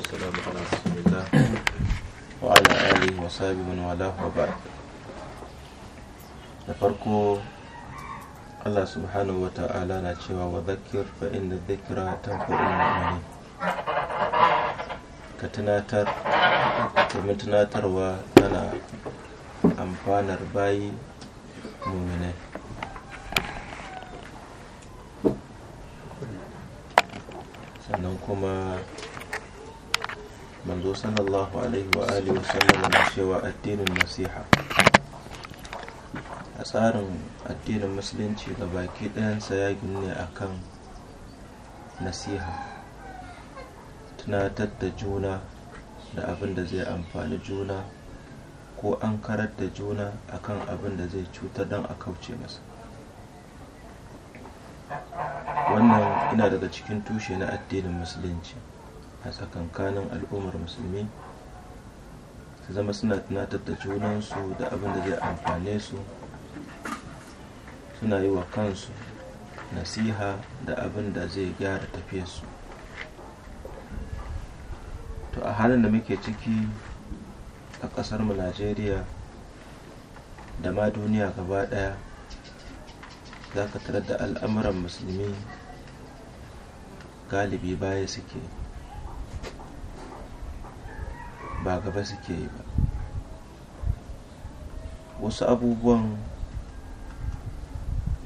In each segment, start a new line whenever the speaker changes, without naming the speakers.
والسلام على رسول الله وعلى آله وصحبه من والاه وبعد da farko Allah subhanahu wa ta'ala na cewa wa inda zikira ta mu'mini ka tunatarwa tana amfanar bayi sannan kuma manzo sallallahu alaihi wa alihi sallam na cewa addinin nasiha a tsarin addinin musulunci ga baki ɗayansa ya gine akan nasiha tunatar da juna da abin da zai amfani juna ko an karar da juna akan abin da zai cutar don a kauce masa wannan ina daga cikin tushe na addinin musulunci a tsakankanin al'ummar musulmi su zama suna tunatar da junansu da abin da zai amfane su suna yi wa kansu nasiha da abin da zai gyara tafiye su to a halin da muke ciki a ƙasarmu najeriya da ma duniya gaba ɗaya za ka tarar da al'amuran musulmi galibi baya suke ba gaba suke yi ba wasu abubuwan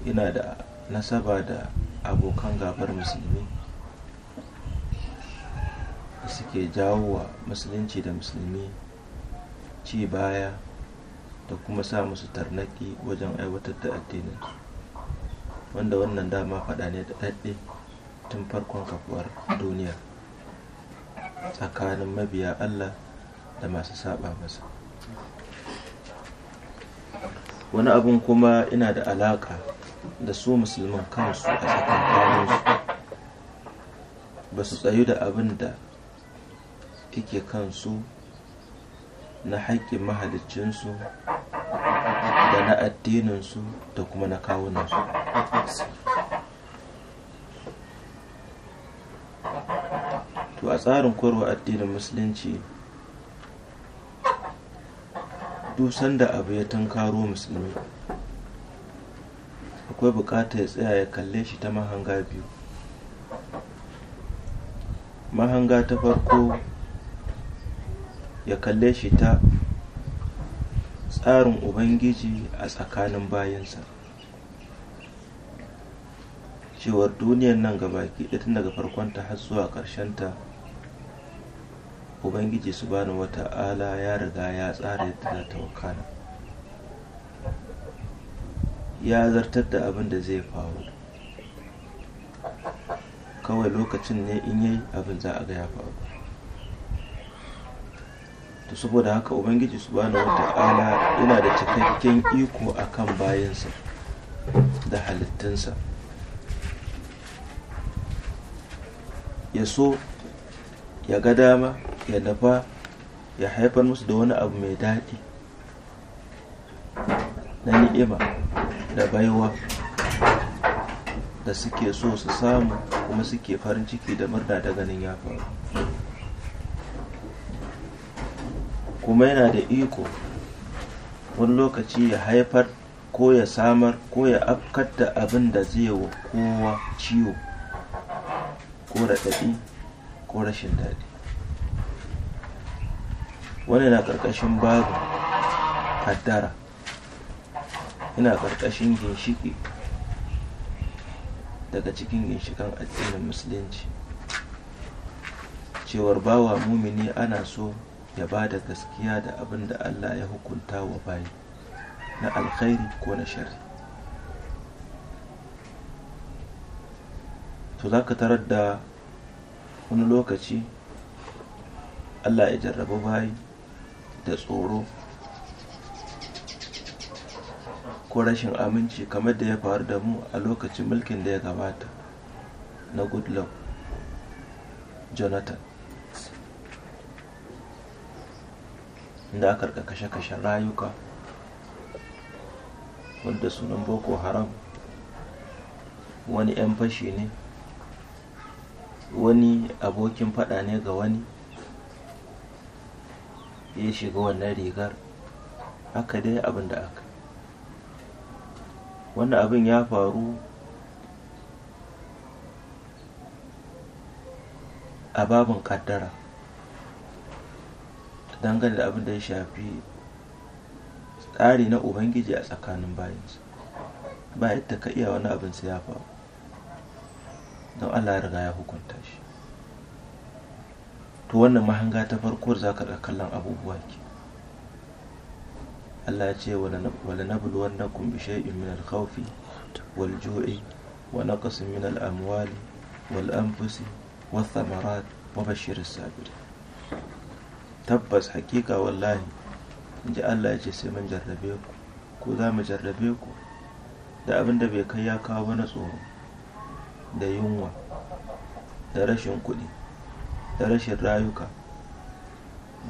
yana da nasaba da abokan gabar musulmi da suke jawo wa musulunci da musulmi ci baya da kuma sa musu tarnaki wajen aiwatar da addinin wanda wannan dama faɗa ne da ɗaɗɗe tun farkon kafuwar duniya tsakanin mabiya allah da masu saba masa wani abun kuma ina da alaka da su musulman kansu a tsakan tsakankaninsu ba su tsayu da abin da kike kansu na haƙƙin mahaliccinsu, da na addininsu da kuma na kawunansu to a tsarin kwarwa addinin musulunci Dusan da abu ya tunkaro musulmi akwai bukata ya tsaya ya kalle shi ta mahanga biyu mahanga ta farko ya kalle shi ta tsarin ubangiji a tsakanin bayansa cewar duniyar nan gabaki ɗaya tun daga farkonta har zuwa ƙarshenta ubangiji su subhanahu wata'ala ya riga ya tsara yadda za ta wakana ya zartar da abin da zai faru kawai lokacin ne in yi abin za a ga ya faru ta saboda haka ubangiji subhanahu wata'ala yana da cikakken iko a kan bayansa da halittunsa ya so ya ga dama ya nufa ya haifar musu da wani abu mai daɗi na ni'ima da baiwa da suke so su samu kuma suke farin ciki da murna da ganin ya faru kuma yana da iko wani lokaci ya haifar ko ya samar ko ya afkar da abin da zai wa kowa ciwo ko raɗaɗi ko rashin daɗi wani na karkashin babu haddara, yana karkashin ginshiki daga cikin ginshikan addinin musulunci cewar bawa mumini ana so ya ba da gaskiya da abin da allah ya hukunta wa bayi na alkhairi ko na shari to za ka tarar da wani lokaci allah ya jarraba bayi da tsoro ko rashin aminci kamar da ya faru da mu a lokacin mulkin da ya gabata na goodluck jonathan inda aka karka kashe-kashen rayuka wadda sunan boko haram wani 'yan fashi ne wani abokin fada ne ga wani ya shiga wannan rigar haka dai abin da aka wannan abin ya faru a babin kaddara dangane da abin da ya shafi tsari na ubangiji a tsakanin bayansa ba yadda ka iya wani abin sai ya faru don allah ya riga ya hukunta shi to wannan mahanga ta farko za ka da kallon abubuwa ke Allah ya ce wala nabluwan na kun bishe min alkhawfi wal ju'i wa naqsin min al amwali wal anfusi wal thamarat wa bashir sabir tabbas hakika wallahi inji Allah ya ce sai mun jarrabe ku ko za mu jarrabe ku da abin da bai kai ya kawo wani tsoro da yunwa da rashin kuɗi da rashin rayuka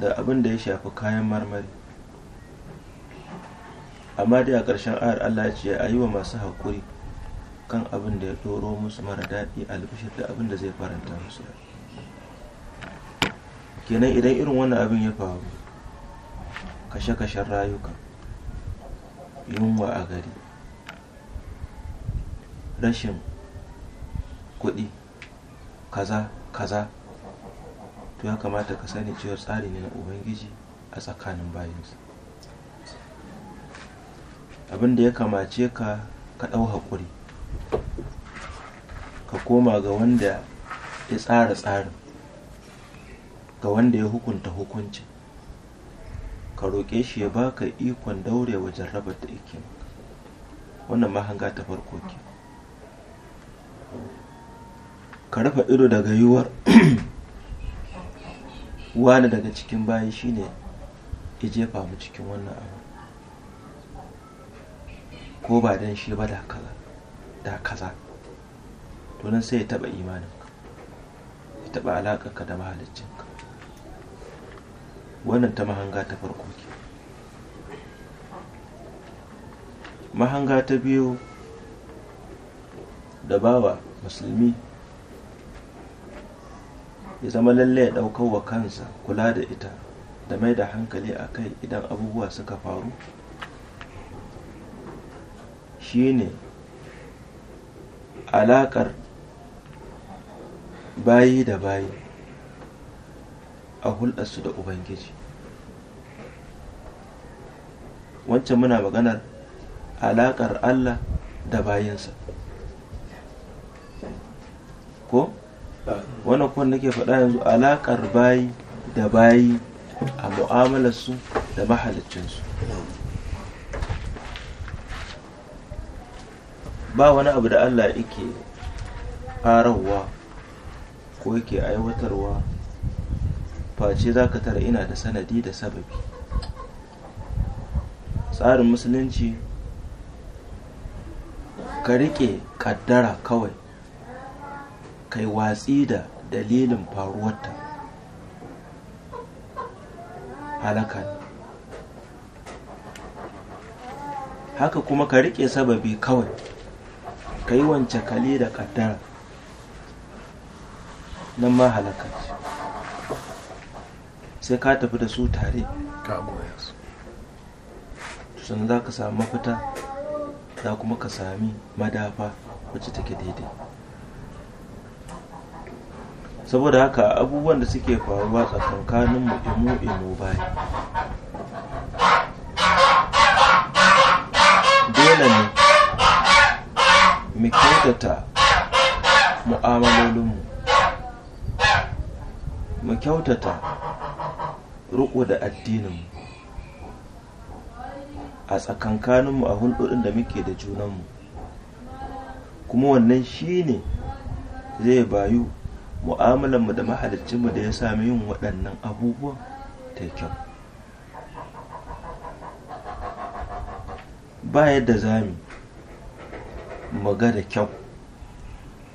da abin da ya shafi kayan marmari amma dai a ƙarshen ayar allah ce a yi wa masu haƙuri kan abin da ya ɗoro musu mara daɗi albishir da abin da zai faranta musu kenan idan irin wannan abin ya faru kashe-kashen rayuka yunwa a gari rashin kuɗi kaza kaza to ya kamata ka sani cewa tsari ne na ubangiji a tsakanin bayansa abin da ya kamace ka ka ɗau haƙuri ka koma ga wanda ya tsara tsarin ga wanda ya hukunta hukunci ka roƙe shi ya baka ikon daure wajen raba da yake wannan mahanga ta farko ke ka rufe ido daga yiwuwar wani daga cikin bayi shine ya jefa mu cikin wannan abu ko ba don shi ba da kaza da kaza to nan sai ya taba imanin ya taba alaƙar ka da mahaliccin ka wannan ta mahanga ta farko ke mahanga ta biyu da bawa musulmi ya zama lalle ya ɗaukar wa kansa kula da ita da mai da hankali a kai idan abubuwa suka faru Shi ne alaƙar bayi da bayi a hulɗarsu da ubangiji wancan muna maganar alaƙar allah da bayansa ko wannan kwan nake faɗa yanzu alaƙar bayi da bayi a mu'amalarsu da mahalicinsu ba wani abu da Allah yake farawa ko yake aiwatarwa face za ka tara ina da sanadi da sababi tsarin musulunci ka riƙe kaddara kawai kai watsi da dalilin faruwarta halakan haka kuma ka riƙe sababi kawai ka yi wance kali da ƙaddara nan ma halaka sai ka tafi da su tare ka goya su sannan za ka samu mafita za kuma ka sami madafa wacce take daidai saboda haka abubuwan da suke faruwa tsakankanin mu imu imo bai dole ne mu kyautata mu'amalolinmu mu kyautata da addininmu a tsakankaninmu a hulɗoɗin da muke da junanmu kuma wannan shi ne zai bayu mu'amalanmu da mahalicinmu da ya sami yin waɗannan abubuwan ta kyau ba yadda za mu ga da kyau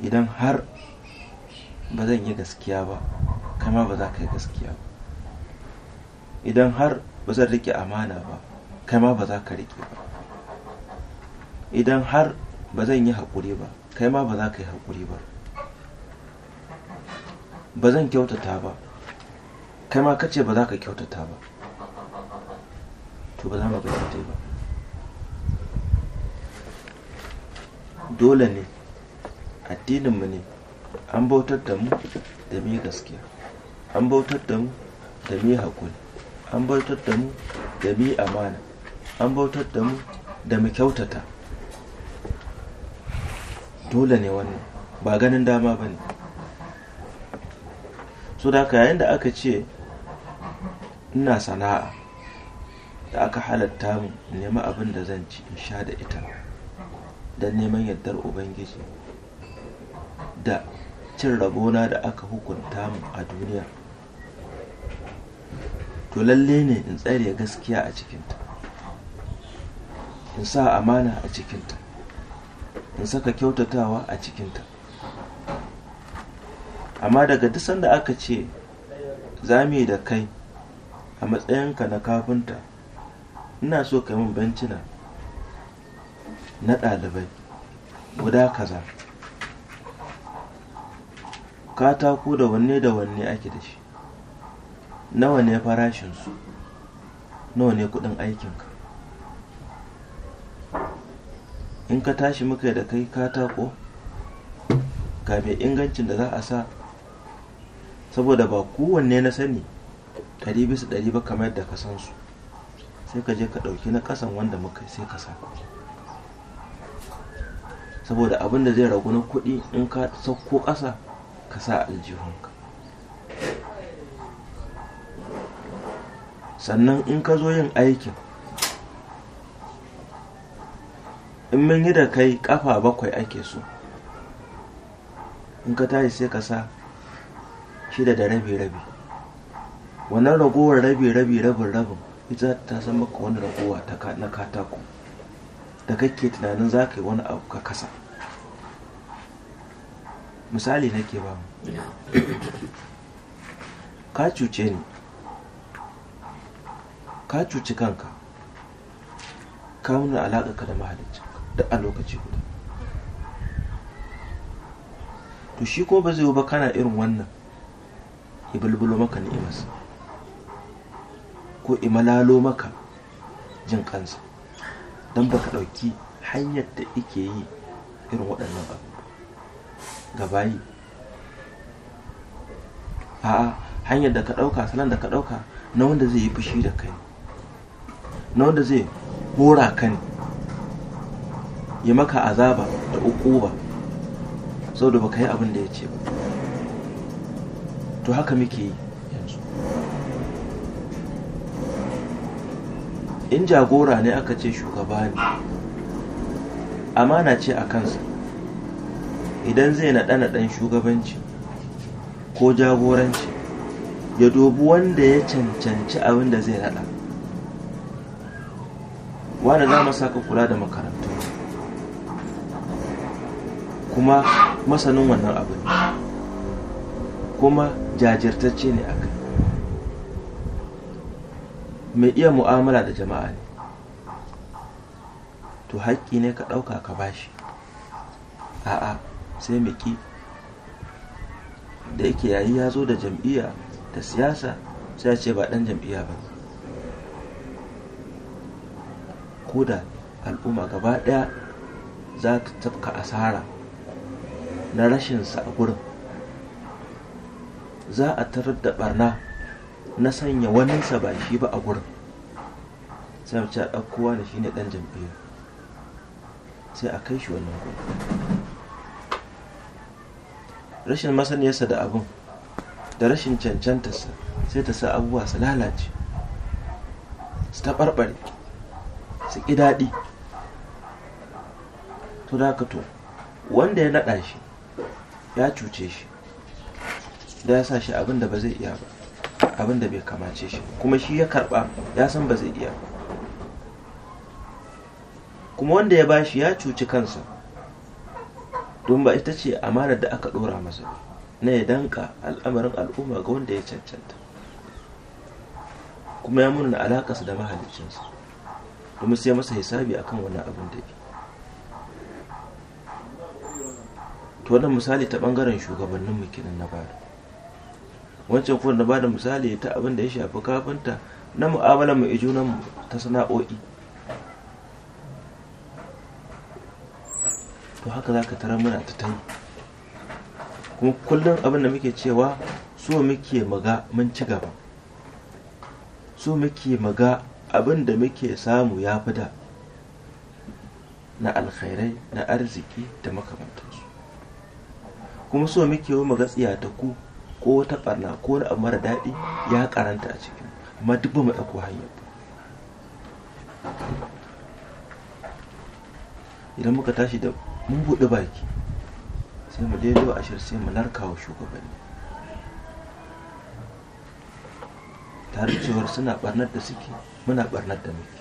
idan har ba zan yi gaskiya ba kama ba za ka yi gaskiya ba idan har ba zan rike amana ba kai ma ba za ka rike ba idan har ba zan yi haƙuri ba kai ma ba za ka yi haƙuri ba ba zan kyautata ba kai ma kace ba za ka kyautata ba to ba za mu ga kyautai ba dole ne addininmu ne an bautar da mu da mu gaskiya an bautar da mu da mu hakuri an bautar da mu da mu amana an bautar da mu da mu kyautata dole ne wannan ba ganin dama ba ne so da yayin da aka ce ina sana'a da aka halatta mu nema abin da zan ci in sha da ita don neman yardar ubangiji da cin rabona da aka hukunta mu a duniya to lalle ne in tsare gaskiya a cikinta in sa amana a cikinta in saka kyautatawa a cikinta amma daga duk sanda aka ce za da kai a matsayinka na kafinta ina so ka yi min bencina na ɗalibai guda kaza katako da wanne da wanne ake da shi nawa ne farashinsu nawa ne kudin aikinka in ka tashi muka da kai katako ga mai ingancin da za a sa saboda ba kowanne na sani ɗari bisa ɗari ba kamar yadda ka san su sai ka je ka ɗauki na ƙasan wanda muka sai ka sa saboda abin da zai ragu na kuɗi in ka sauko ƙasa ka sa aljihunka sannan in ka zo yin aikin in mun yi da kai ƙafa bakwai ake so in ka tashi sai ka sa shida da rabi-rabi wannan ragowar rabi-rabi rabin-rabin ita ta san maka wani ragowa na katako da kake tunanin za ka yi wani abu ka kasa misali nake ba mu. ka cuce ni ka cuci kanka ka nuna alaƙarka da mahalicci da a lokaci guda to shi ko ba zai ba kana irin wannan ya bulbulo maka ni'imarsa ko imalalo maka jin kansa don baka ɗauki hanyar da ike yi irin waɗannan abu gabayi a'a hanyar da ka ɗauka salon da ka ɗauka na wanda zai yi fushi da kai na wanda zai hora kan ya maka azaba da ukuba saboda baka yi abin da ya ce ba to haka muke yi yanzu in jagora ne aka ce shugaba ne amana ce a kansa idan zai naɗa-naɗan shugabanci ko jagoranci ya dubi wanda ya cancanci abin da zai naɗa wanda za mu saka kula da makarantu kuma masanin wannan abin kuma jajirtacce ne a kai mai iya mu'amala da jama'a ne to haƙƙi ne ka ɗauka ka bashi a'a sai mu da yake yayi ya zo da jam'iyya da siyasa sai ce ba ɗan jam'iyya ba ko da al'umma gaba ɗaya za ta tafka asara na rashinsa a gurin za a tarar da barna na sanya waninsa ba shi ba a gurin sai mace a kowa da shi ne ɗan jam'iyya sai a kai shi wannan gurin rashin masaniyarsa da abin da rashin cancantarsa sai ta sa abubuwa su lalace su taɓarɓare su ƙi daɗi to da to wanda ya naɗa shi ya cuce shi da ya sa shi abin da ba zai iya ba abin da bai kamace shi kuma shi ya karba ya san ba zai iya kuma wanda ya bashi ya cuci kansa don ba ita ce amanar da aka dora masa na ya danka al'amarin al'umma ga wanda ya cancanta kuma ya muna sa da mahalicinsa domin sai masa hisabi akan wani abin da to wannan misali ta ɓangaren shugabanninmu mu kenan na bada wancan kuma na bada misali ta abin da ya shafi kafinta na mu'amala mai mu ta sana'o'i to haka za ka tara muna ta tani kuma kullum abin da muke cewa so muke maga mun ci gaba so muke maga abin da muke samu ya fi da na alkhairai na arziki da makamantarsu kuma so muke wa ta ku. ko wata barna ko wani abu mara daɗi ya karanta a ciki amma duk ba mu ɗauko hanyar ba idan muka tashi da mun buɗe baki sai mu daidai wa ashir sai mu narkawa shugabanni tare cewar suna barnar da suke muna barnar da muke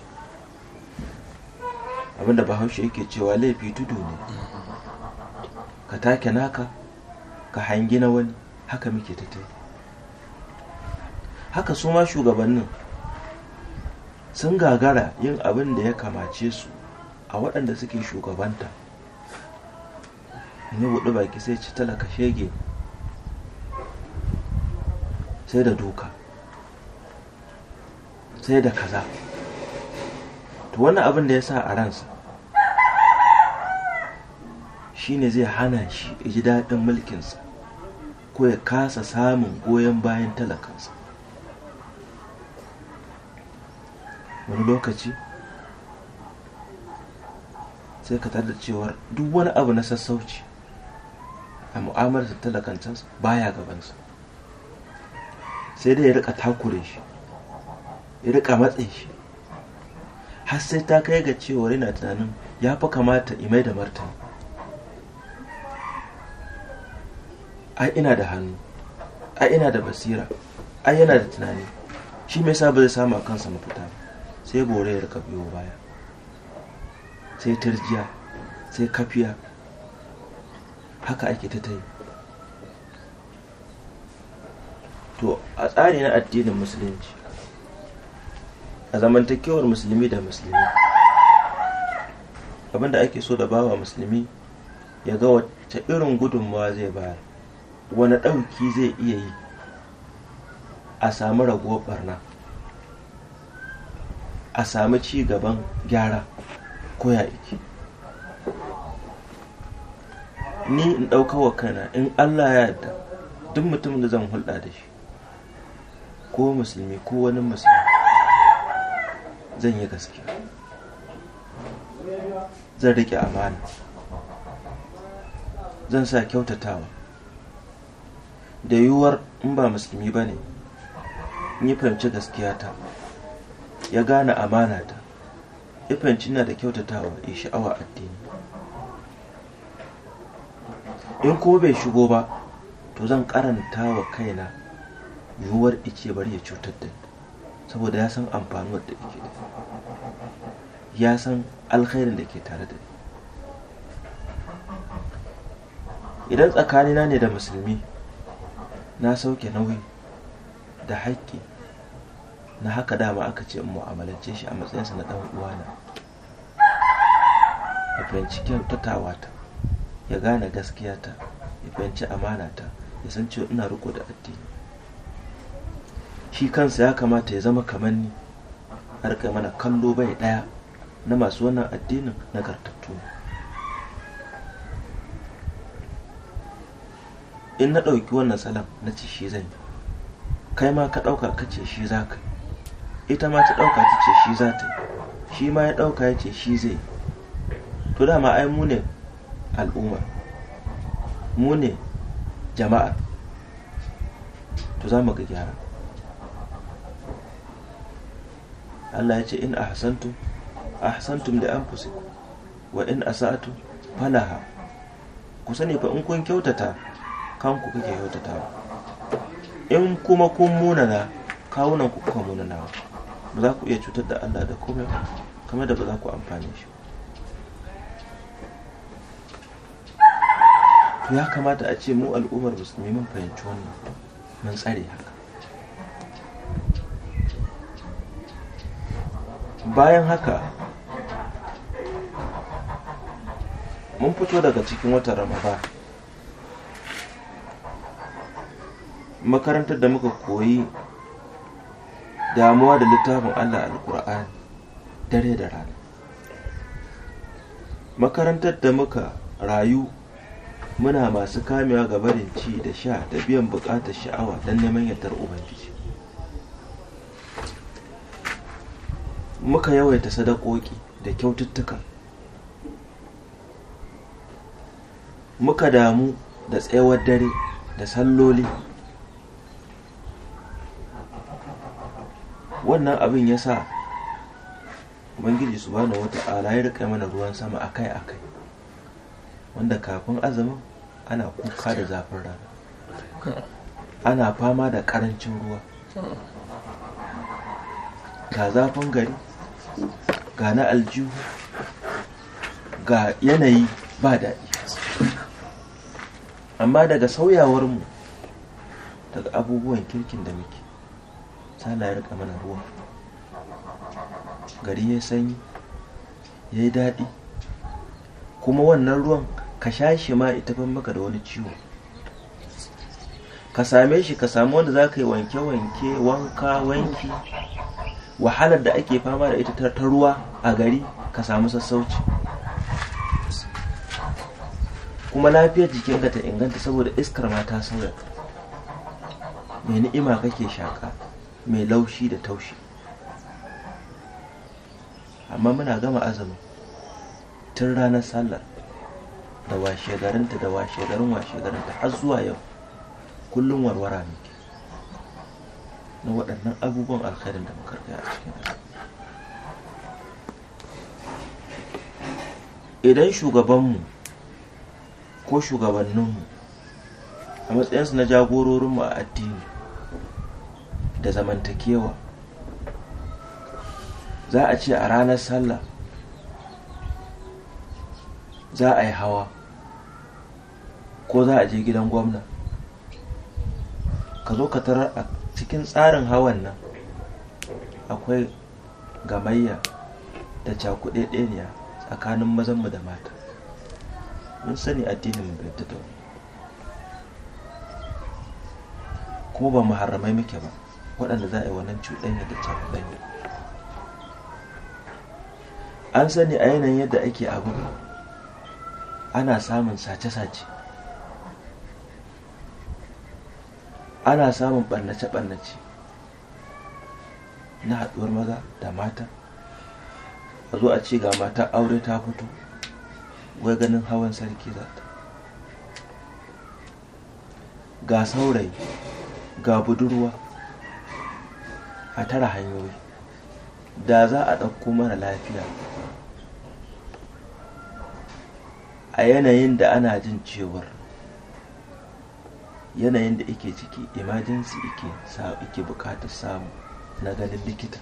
abinda bahaushe yake cewa laifi tudu ne ka take naka ka hangi na wani haka muke haka su ma shugabannin sun gagara yin abin da ya kamace su a waɗanda suke shugabanta ni buɗe baki sai ci talaka shege sai da duka sai da kaza to wannan abin da ya sa a ransa shine zai hana shi ji daɗin mulkinsa ko ya kasa samun goyon bayan talakansa wani lokaci sai ka da cewar duk wani abu na sassauci a mu'amalar ba baya gabansa sai dai ya rika takure shi ya rika matse shi har sai ta kai ga cewar yana tunanin ya fi kamata imai da martani ai ina da hannu ai ina da basira ai yana da tunani shi mai sa ba zai samu a kansa mafita sai bore da ka biyo baya sai tarjiya sai kafiya haka ake ta ta yi to a tsari na addinin musulunci a zamantakewar musulmi da musulmi abinda ake so da bawa musulmi ya ga wacce irin gudunmawa zai bayar wani ɗauki zai iya yi a sami raguwar barna a sami ci gaban gyara ko ya iki ni in wa kana in allah ya yadda duk mutum da zan hulɗa da shi ko musulmi ko wani musulmi zan yi gaskiya zan riƙe amana zan sa kyautatawa da yiwuwar in ba musulmi ba ne ya fahimci gaskiya ta ya gane amana ta ya fahimci na da kyautatawa ya sha'awa addini in ko bai shigo ba to zan karanta wa kaina yiwuwar ice bari ya cutar da saboda ya san amfanuwar da ike da ya san alkhairin da ke tare da idan tsakanina ne da musulmi na sauke nauyi da haƙƙi na haka dama aka ce in mu'amalance shi a matsayinsa na ɗan uwana ya fahimci kyautatawa ta ya gane gaskiya ta ya fahimci amana ta ya san cewa ina riko da addini shi kansa ya kamata ya zama kamar ni a mana kallo bai ɗaya na masu wannan addinin kartattu ne in na ɗauki wannan salon na ce shi zan yi kai ma ka ɗauka ka ce shi za ka ita ma ta ɗauka ta ce shi za ta yi shi ma ya ɗauka ya ce shi zai to dama ai mu ne al'umma mu ne jama'a to za mu ga gyara Allah ya ce in ahsantum ahsantum da anfusikum wa in asa'tum falaha ku sani fa in kun kyautata kanku kuke kyautatawa in kuma kun munana kawunan ku kuka munanawa ba za ku iya cutar da Allah da komai kamar da ba za ku amfane shi to ya kamata a ce mu al'ummar musulmi mun fahimci wannan mun tsare haka bayan haka mun fito daga cikin watan ramadan makarantar da muka koyi damuwa da littafin allah alkur'ani dare da rana makarantar da muka rayu muna masu kamewa ga barin ci da sha da biyan bukatar sha'awa don neman yantar ubangiji muka yawaita sadakoki da kyaututtuka muka damu da tsayawar dare da salloli wannan abin ya sa ubangiji wata wata'ala ya rika mana ruwan sama akai-akai wanda kafin azumin ana kuka da zafin rana ana fama da karancin ruwa ga zafin gari ga na aljihu ga yanayi ba daɗi amma daga sauyawar mu daga abubuwan kirkin da muke sala ya rika mana ruwa gari ya sanyi ya yi daɗi kuma wannan ruwan ka sha shi ma ita ban maka da wani ciwo ka same shi ka samu wanda za ka yi wanke-wanke wanka wanki wahalar da ake fama da ita ta ruwa a gari ka samu sassauci kuma lafiyar jikinka ta inganta saboda iskar ma ta sauya mai ni'ima kake shaƙa mai laushi da taushi amma muna gama azumi tun ranar sallar da washegarinta da washegarin washegarinta har zuwa yau kullum warwara ne na waɗannan abubuwan alkhairin da muka a cikin idan shugabanmu ko shugabanninmu a matsayinsu na jagororinmu a addini da zamantakewa za a ce a ranar sallah za a yi hawa ko za a je gidan gwamna ka zo ka tara a cikin tsarin hawan nan akwai gamayya da cakuɗeɗeniya tsakanin mazanmu da mata mun sani addinin mu bai da kuma ba mu harramai muke ba waɗanda za a yi wannan cuɗanya da cakuɗanya an sani a yanayin yadda ake abu ana samun sace-sace ana samun ɓallace-ɓallace na haɗuwar maza da mata a zo a ce ga mata aure ta fito wai ganin hawan sarki za ta ga saurayi ga budurwa a tara hanyoyi da za a ɗauko mara lafiya a yanayin da ana jin cewar yanayin da ike ciki emergency ike bukatar samu na ganin likita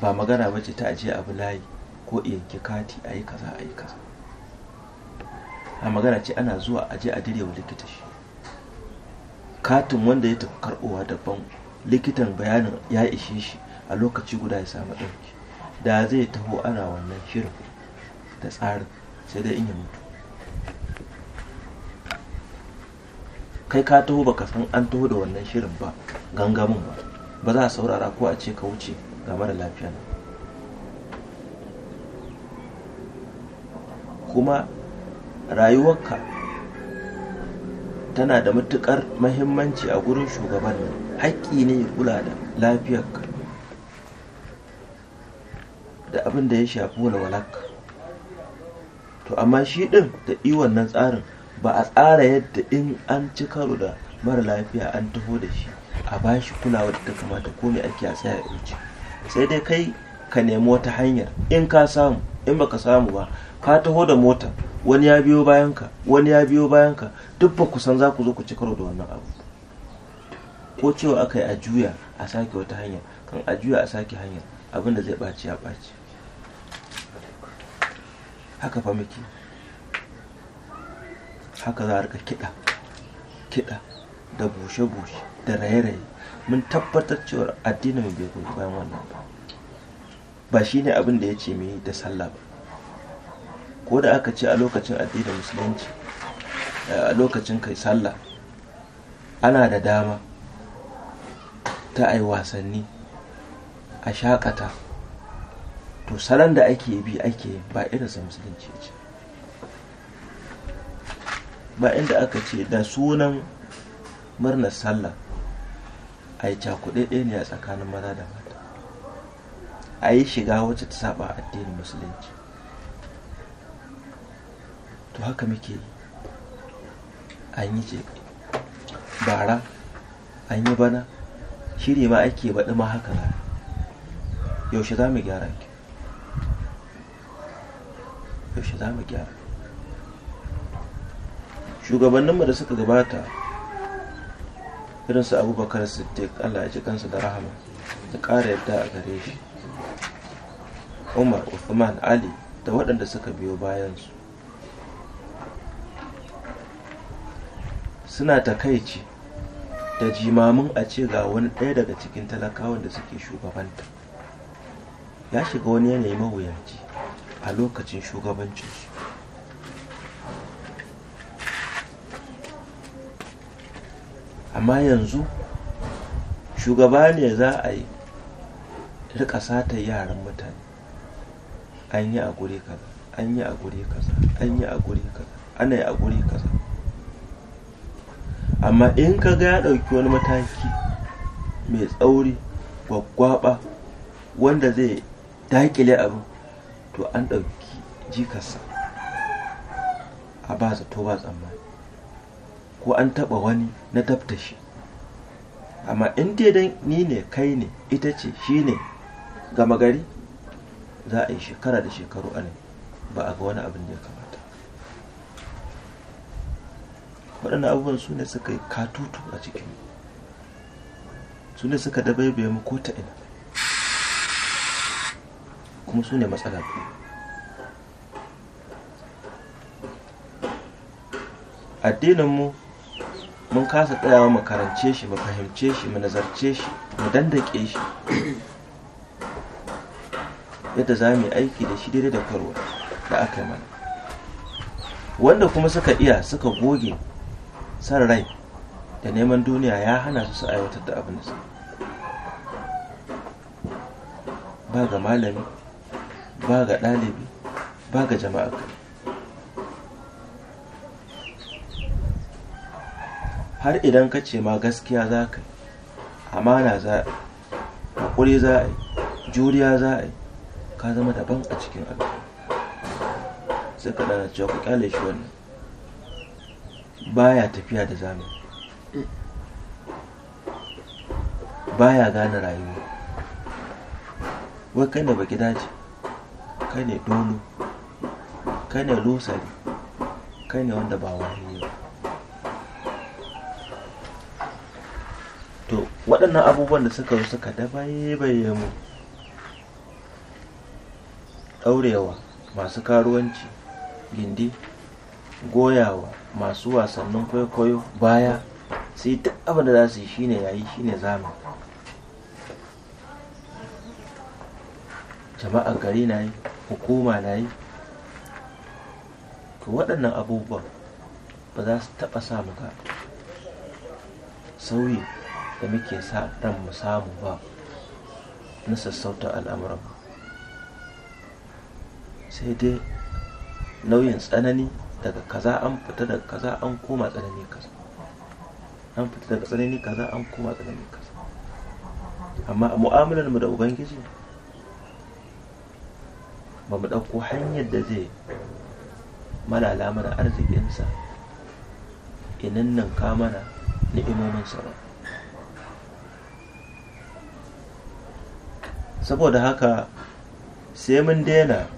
ba magana bace ta ajiye abu layi ko yanke kati a yi kaza a yi kaza a magana ce ana zuwa aje a direwa likita shi katin wanda ya tafi karɓowa daban likitan bayanin ya ishe shi a lokaci guda ya samu ɗauki da zai taho ana wannan shirin da tsarin sai dai in ya mutu kai ka taho baka san an taho da wannan shirin ba gangamin ba ba za a saurara ko a ce ka wuce ga mara lafiya nan kuma rayuwarka tana da matuƙar mahimmanci a gurin shugaban nan haƙƙi ne ya kula da lafiyarka da abin da ya shafi walwalarka to amma shi ɗin da iwon nan tsarin ba a tsara yadda in an ci karo da mara lafiya an taho da shi a ba shi kulawa da ta kamata ko mai ake a a wuce sai dai kai ka nemi wata hanyar in ka samu in baka samu ba ka taho da mota wani ya biyo bayanka wani ya biyo bayanka duk ba kusan san za ku zo ku ci karo da wannan abu ko cewa aka yi a juya a sake wata hanya kan a juya a sake hanya abin da zai ɓaci ya ɓaci haka fa muke haka za a rika kiɗa kiɗa da bushe-bushe da raye-raye mun tabbatar cewa addinin mu bai goyi bayan wannan ba ba shi ne abin da ya ce mai da sallah ba ko da aka ce a lokacin addinin musulunci eh, a lokacin kai sallah ana da dama fita a yi wasanni a shakata to salon da ake bi ake ba irin su musulunci ce ba inda aka ce da sunan murnar sallah a yi cakuɗe ne a tsakanin maza da mata a yi shiga wacce ta saba addinin musulunci to haka muke yi an yi ce bara an yi bana shi ne ma ake baɗi ma haka ba yaushe za mu gyara ki yaushe za mu gyara shugabanninmu da suka gabata irin su abubakar siddiq allah ya ji kansu da rahama da ƙara yadda a gare shi umar uthman ali da waɗanda suka biyo bayansu suna takaici da jimamin a ce ga wani ɗaya daga cikin talakawan da suke shugabanta ya shiga wani yanayi mawuyanci a lokacin shugabancinsu amma yanzu shugaba ne za a yi rika satar yaran mutane an yi a guri kaza an yi a guri kaza an yi a guri kaza ana yi a guri kaza amma in ka ga ya ɗauki wani mataki mai tsauri gwaggwaba wanda zai daƙile abu to an ɗauki jikarsa a ba zato ba tsammani ko an taɓa wani na tabtashi shi amma in dai ni ne kai ne ita ce shi ne gama gari za a yi shekara da shekaru a ba a ga wani abin da ya kamata waɗannan abubuwan su ne suka yi katutu a cikin su ne suka dabaibaye mu ko ta ina kuma su ne matsala addininmu mun kasa tsayawa mu karance shi mu fahimce shi mu nazarce shi mu dandake shi yadda za mu yi aiki da shi daidai da karuwa da aka yi mana wanda kuma suka iya suka goge san rai da neman duniya ya hana su su aiwatar da abin da su ba ga malami ba ga ɗalibi ba ga jama'a har idan ka ce ma gaskiya za ka amana za a haƙuri za a juriya za a ka zama daban a cikin al'umma sai ka dana cewa ku kyale shi wannan baya tafiya da zamani baya gane rayuwa wai kai ne baki dace kai ne dono kai ne losari kai ne wanda ba wani ne to waɗannan abubuwan da suka suka dabaibaye mu ɗaurewa masu karuwanci gindi goyawa masu wasannin kwaikwayo baya sai duk abin da za su yi shine yayi shine zamu. jama'a gari na yi hukuma na yi to waɗannan abubuwan ba za su taɓa samu ka. sauyi da muke sa ran mu samu ba na sassauta al'amuran sai dai nauyin tsanani daga kaza an fita daga kaza an koma tsanani kaza an fita daga tsanani kaza an koma tsanani kaza amma a mu'amalar mu da ubangiji ba mu ɗauko hanyar da zai malala mana arzikinsa inan nan ka mana ni'imominsa ba saboda haka sai mun daina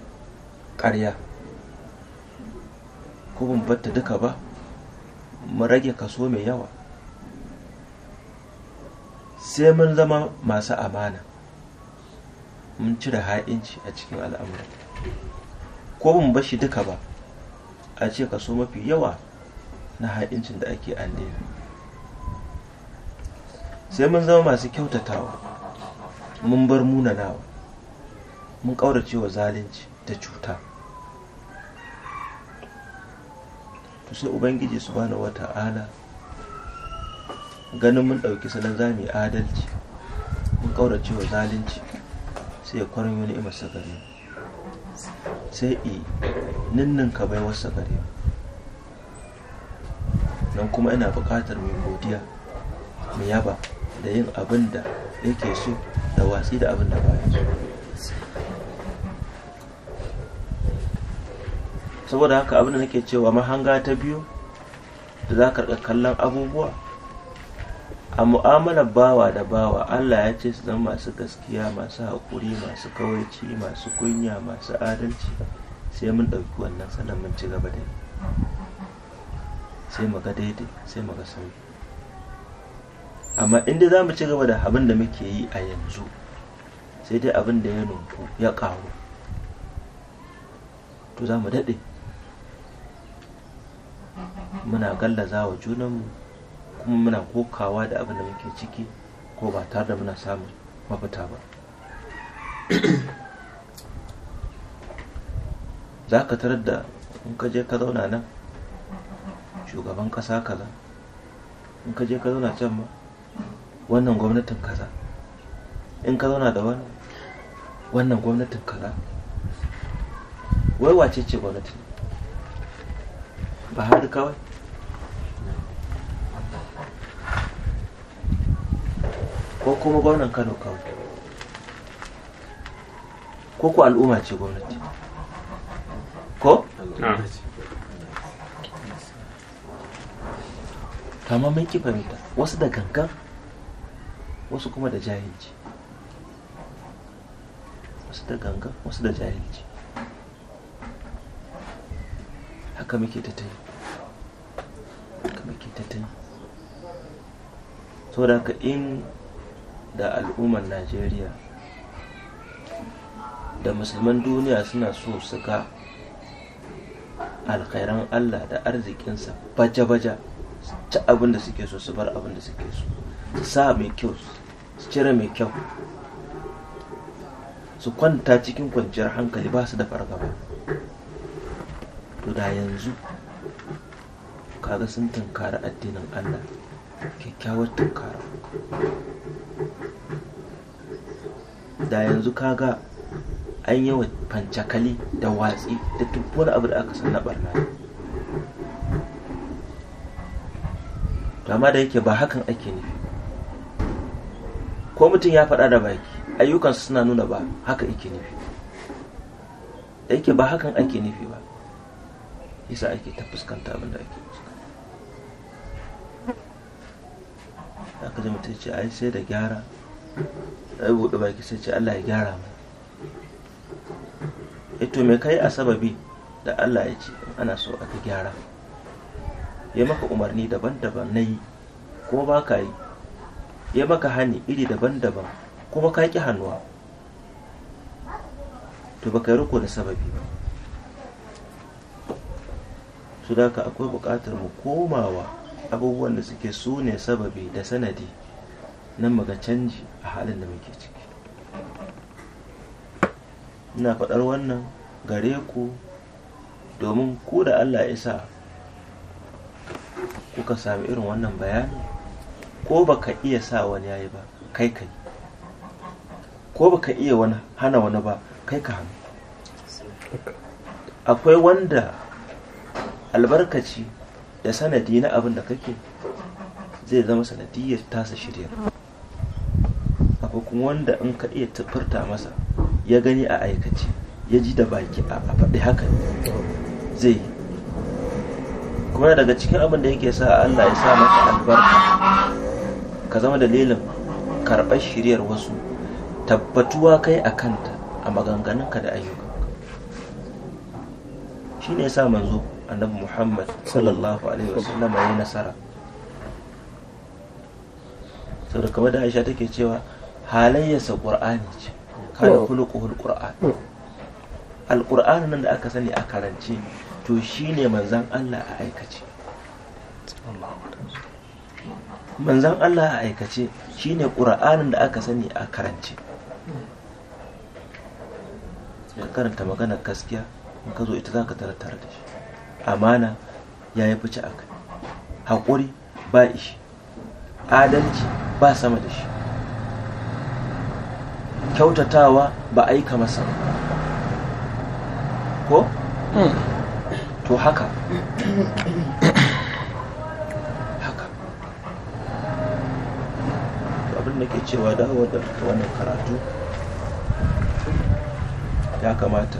ƙarya ko ban batta duka ba mu rage kaso mai yawa sai mun zama masu amana mun cire ha'inci a cikin al'amura ko ban bashi duka ba a ce kaso mafi yawa na ha'incin da ake an sai mun zama masu kyautatawa mun bar munanawa mun ƙaurace wa zalunci da cuta sai ubangiji su subhanahu wata'ala ganin mun ɗauki salon za mu adalci mun ƙaurace wa zalunci sai ya kwarin yi ni'imar sa sai i ninnin ka bai wasa gare nan kuma ina buƙatar mai godiya mu yaba da yin abin da yake so da watsi da abin da baya so saboda haka abin da nake cewa mahanga ta biyu da za ka kallon abubuwa a mu'amalar bawa da bawa allah ya ce su zama masu gaskiya masu haƙuri masu kawaici masu kunya masu adalci sai mun ɗauki wannan sannan mun ci gaba da sai mu ga daidai sai mu ga sauyi amma inda za mu ci gaba da abin da muke yi a yanzu sai dai abin da ya nunku ya ƙaru to za mu daɗe muna gallaza wa junanmu kuma muna kokawa da abin da muke ciki ko ba tare da muna samun mafita ba za ka tarar da in ka je ka zauna nan shugaban ƙasa kaza in ka je ka zauna can ma wannan gwamnatin kaza in ka zauna da wannan gwamnatin kaza wai wace ce gwamnatin bahari kawai ko kuma gwamnan kano kawai ko ku al'umma ce gwamnati ko? kama mun ki fahimta wasu da gangan wasu kuma da jahilci wasu da gangan wasu da jahilci haka muke ta ta yi haka muke ta ta so da ka in da al'ummar najeriya da musulman duniya suna so su ga alkhairan allah da arzikinsa baja-baja ci abin da suke so su bar abin da suke so su sa mai kyau su cire mai kyau su kwanta cikin kwanciyar hankali ba su da fargaba guda da yanzu kaga sun tunkari addinin allah kyakkyawar tunkara da yanzu kaga an yi wa fancakali da watsi da duk abu da aka san na barna amma da yake ba hakan ake nufi ko mutum ya faɗa da baki ayyukansu suna nuna ba haka ake nufi da yake ba hakan ake nufi ba isa ake ta fuskanta abin da ake fuskanta aka zama ta ce ai sai da gyara ai buɗe baki sai ce Allah ya gyara mai e eh, to me kai a sababi da Allah ya ce ana so aka gyara ya maka umarni daban-daban na yi kuma ba ka yi ya maka hani iri daban-daban kuma ka ƙi hannuwa to ba ka yi riko da sababi ba su da akwai buƙatar mu komawa abubuwan da suke su ne sababi da sanadi na muga canji a halin da muke ciki ina faɗar wannan gare ku domin ku da allah isa kuka sami irin wannan bayani ko baka iya sa wani yayi ba kai kai ko baka iya wani hana wani ba kai ka hannu akwai wanda albarkaci da sanadi na abin da kake zai zama sanadiyar tasa shirya akwai kuma wanda in ka iya tufurta masa ya gani a aikace ya ji da baki a faɗi haka zai yi kuma daga cikin abin da yake sa Allah ya sa maka albarka ka zama dalilin karɓar shiryar wasu tabbatuwa kai a kanta a maganganunka da ayyuka shi ne ya sa manzo annabi muhammad sallallahu alaihi wasallama ya nasara saboda kamar da aisha take cewa halayyarsa qur'ani ce kana kulukuhul qur'an alqur'an nan da aka sani a karance to shine manzan Allah a aikace manzan Allah a aikace shine qur'anin da aka sani a karance ka karanta magana gaskiya in ka zo ita za ka tarar tare da shi amana ya yi fice kai, haƙuri ba ishi adalci ba sama da shi kyautatawa ba aika masa ko? Hmm. to haka haka abin da ke cewa dawo da wannan karatu ya kamata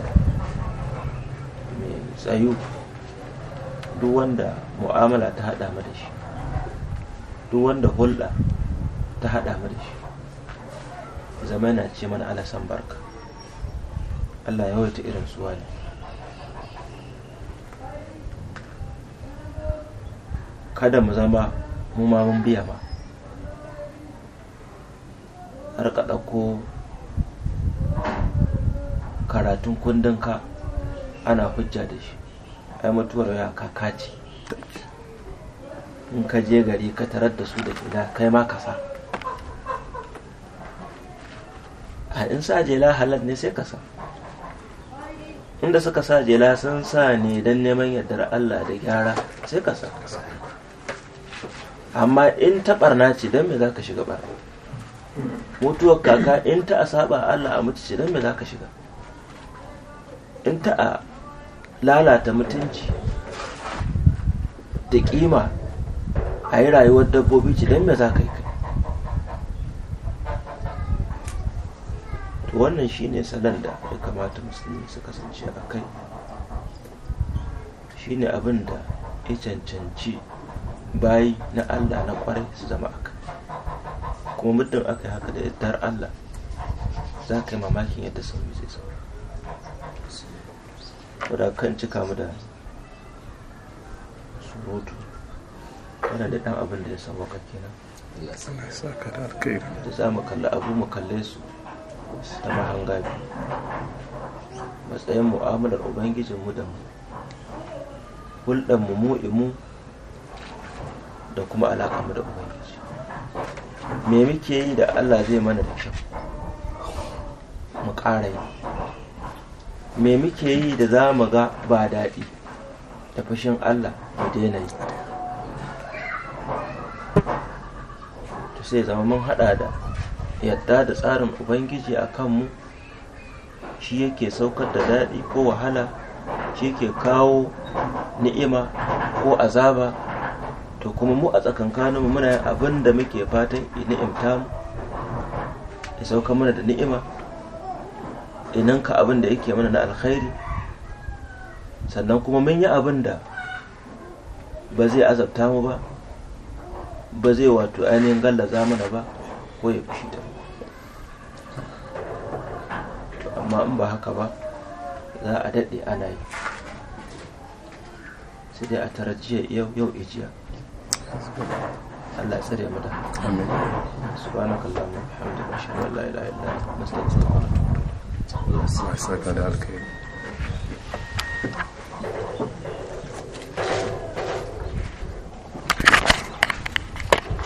mai tsayu duk wanda mu'amala ta hada mu da shi duk wanda hulɗa ta hada mu da shi zama yana ce mana alasan barka allah ya wata irin suwa ne kada mu zama mu ma mun biya ba har ka ɗauko karatun kundinka ana hujja da shi ai mutuwar ya kaka ce in ka je gari ka tarar da su da gida kai ma ka sa a in sa jela halar ne sai ka sa inda suka sa jela sun sa ne don neman yardar Allah da gyara sai ka sa amma in ta barna ce don me za ka shiga ba? mutuwar kaka in ta a Allah a mutu ce don me za ka shiga in ta a lalata mutunci da kima a yi rayuwar dabbobi ci don me za ka yi to wannan shine salon da ya kamata musulmi su kasance a kai shine abin da ya cancanci bayi na allah na kwarai su zama a kai kuma muddin aka yi haka da yardar allah za ka yi mamakin yadda sauri zai sauri wadda kan cika mu da surutu yana da ɗan abin da ya samu ka nan sa ka da da za mu kalli abu mu kalle su ta mahanga biyu matsayin mu'amalar mu da mu hulɗar mu imu da kuma alaƙa mu da ubangiji me muke yi da Allah zai mana da kyau mu ƙara yi me muke yi da za mu ga ba daɗi tafashin fushin Allah mu daina yi to sai zama mun haɗa da yadda da tsarin ubangiji a kanmu shi yake saukar da daɗi ko wahala shi ke kawo ni'ima ko azaba to kuma mu a tsakankaninmu muna yin abin da muke fatan ni'imta mu ya sauka mana da ni'ima ininka abin da yake mana na alkhairi sannan kuma mun yi abin da ba zai azabta mu ba ba zai wato ainihin gallaza mana ba ko ya fushi ta amma in ba haka ba za a daɗe ana yi sai dai a tara jiya yau yau ijiya Allah ya tsare mu da amin subhanakallahumma wa bihamdika ashhadu an la ilaha illa anta astaghfiruka wa atubu I my that LK.